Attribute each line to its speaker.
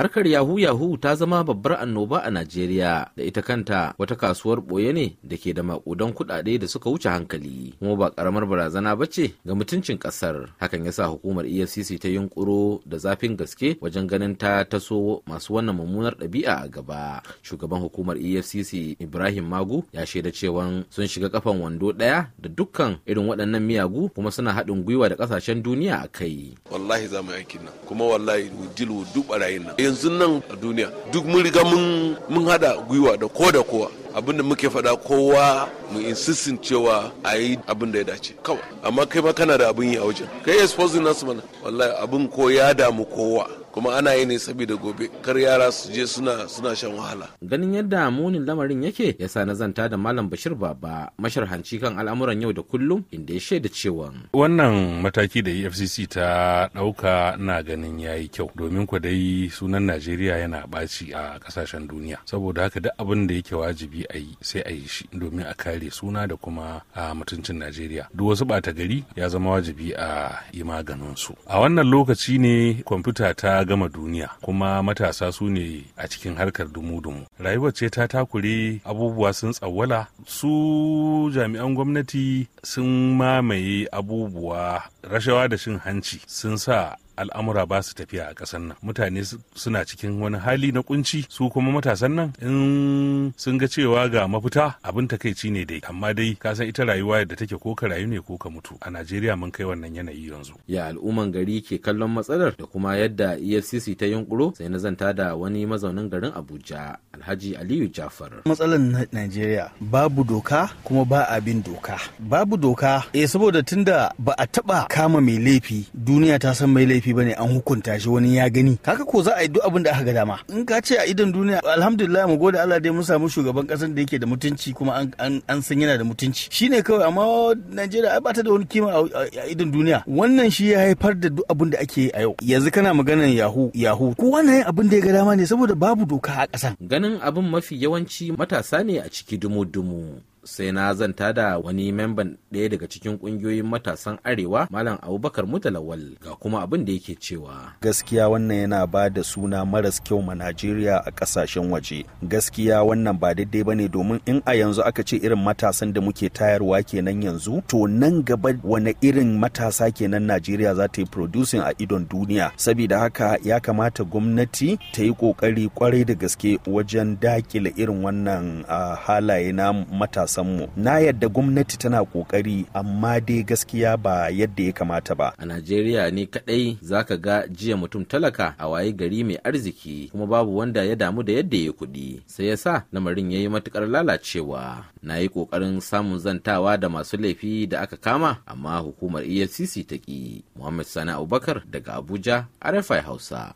Speaker 1: Harkar yahu yahu ta zama babbar annoba a Najeriya da ita kanta wata kasuwar boye ne da ke da maƙudan kudade da suka wuce hankali kuma ba karamar barazana ba ce ga mutuncin ƙasar. Hakan yasa hukumar EFCC ta yunkuro da zafin gaske wajen ganin ta taso masu wannan mummunar ɗabi'a a gaba. Shugaban hukumar EFCC Ibrahim Magu ya shaida cewa sun shiga kafan wando ɗaya da dukkan irin waɗannan miyagu kuma suna haɗin gwiwa da ƙasashen duniya a kai.
Speaker 2: Wallahi za mu aikin nan kuma wallahi duk barayin nan. yanzu nan a duniya duk mun riga mun hada gwiwa da ko da kowa abin da muke faɗa kowa mu insistin cewa a yi abin da ya dace kawai amma kai ma kana da abin yi a wajen kai exposing nasu mana wallahi abin ko ya damu kowa kuma ana yi ne saboda gobe kar yara su je suna suna shan wahala
Speaker 1: ganin yadda munin lamarin yake yasa na zanta da malam bashir baba masharhanci kan al'amuran yau da kullum inda ya shaida cewa
Speaker 3: wannan mataki da efcc ta dauka na ganin ya yi kyau domin ku dai sunan najeriya yana ɓaci a kasashen duniya saboda haka duk abin da yake wajibi a yi sai a yi shi domin a kare suna da kuma a mutuncin najeriya duk wasu ɓata gari ya zama wajibi a yi maganin su a wannan lokaci ne kwamfuta ta a gama duniya kuma matasa su ne a cikin harkar dumu-dumu rayuwar ce ta takure abubuwa sun tsawwala su jami'an gwamnati sun mamaye abubuwa rashawa da shin hanci sun sa al'amura ba su tafiya a ƙasar nan mutane suna cikin wani hali na kunci su kuma matasan nan in sun ga cewa ga mafita abin ta takaici ne dai amma dai ka san ita rayuwa yadda take ko ka rayu ne ko ka mutu a Najeriya mun kai wannan yanayi yanzu
Speaker 1: ya al'umman gari ke kallon matsalar da kuma yadda EFCC ta yunkuro sai na zanta da wani mazaunin garin Abuja Alhaji Aliyu Jafar matsalar Najeriya
Speaker 4: babu doka kuma ba abin doka babu doka eh saboda tunda ba a taba kama mai laifi duniya ta san mai laifi laifi bane an hukunta shi wani ya gani kaka ko za a yi duk abin da aka ga dama in ka ce a idan duniya alhamdulillah mu gode Allah dai mun samu shugaban kasar da yake da mutunci kuma an san yana da mutunci shine kawai amma Najeriya ai bata da wani kima a idan duniya wannan shi ya haifar da duk abin da ake a yau yanzu kana maganar yahu yahu ko wannan yin abin da ya ga dama ne saboda babu doka a kasan
Speaker 1: ganin abin mafi yawanci matasa ne a ciki dumu-dumu sai na zanta da wani memban ɗaya daga cikin ƙungiyoyin matasan arewa malam abubakar mutalawal ga kuma abin da yake cewa
Speaker 5: gaskiya wannan yana ba da suna maras kyau ma najeriya a ƙasashen waje gaskiya wannan ba daidai ba ne domin in a yanzu aka ce irin matasan da muke tayarwa kenan yanzu to nan gaba wani irin matasa kenan najeriya za ta yi producing a idon duniya saboda haka ya kamata gwamnati ta yi ƙoƙari kwarai da gaske wajen dakile irin wannan ah, halaye na matasa mu na yadda gwamnati tana kokari amma dai gaskiya ba yadda ya kamata ba a
Speaker 1: najeriya ne kadai zaka ga jiya mutum talaka a waye gari mai arziki kuma babu wanda ya damu da yadda ya kudi sai ya sa lamarin ya yi matukar lalacewa na yi kokarin samun zantawa da masu laifi da aka kama amma hukumar efcc ta ki muhammad sani abubakar daga abuja arafai hausa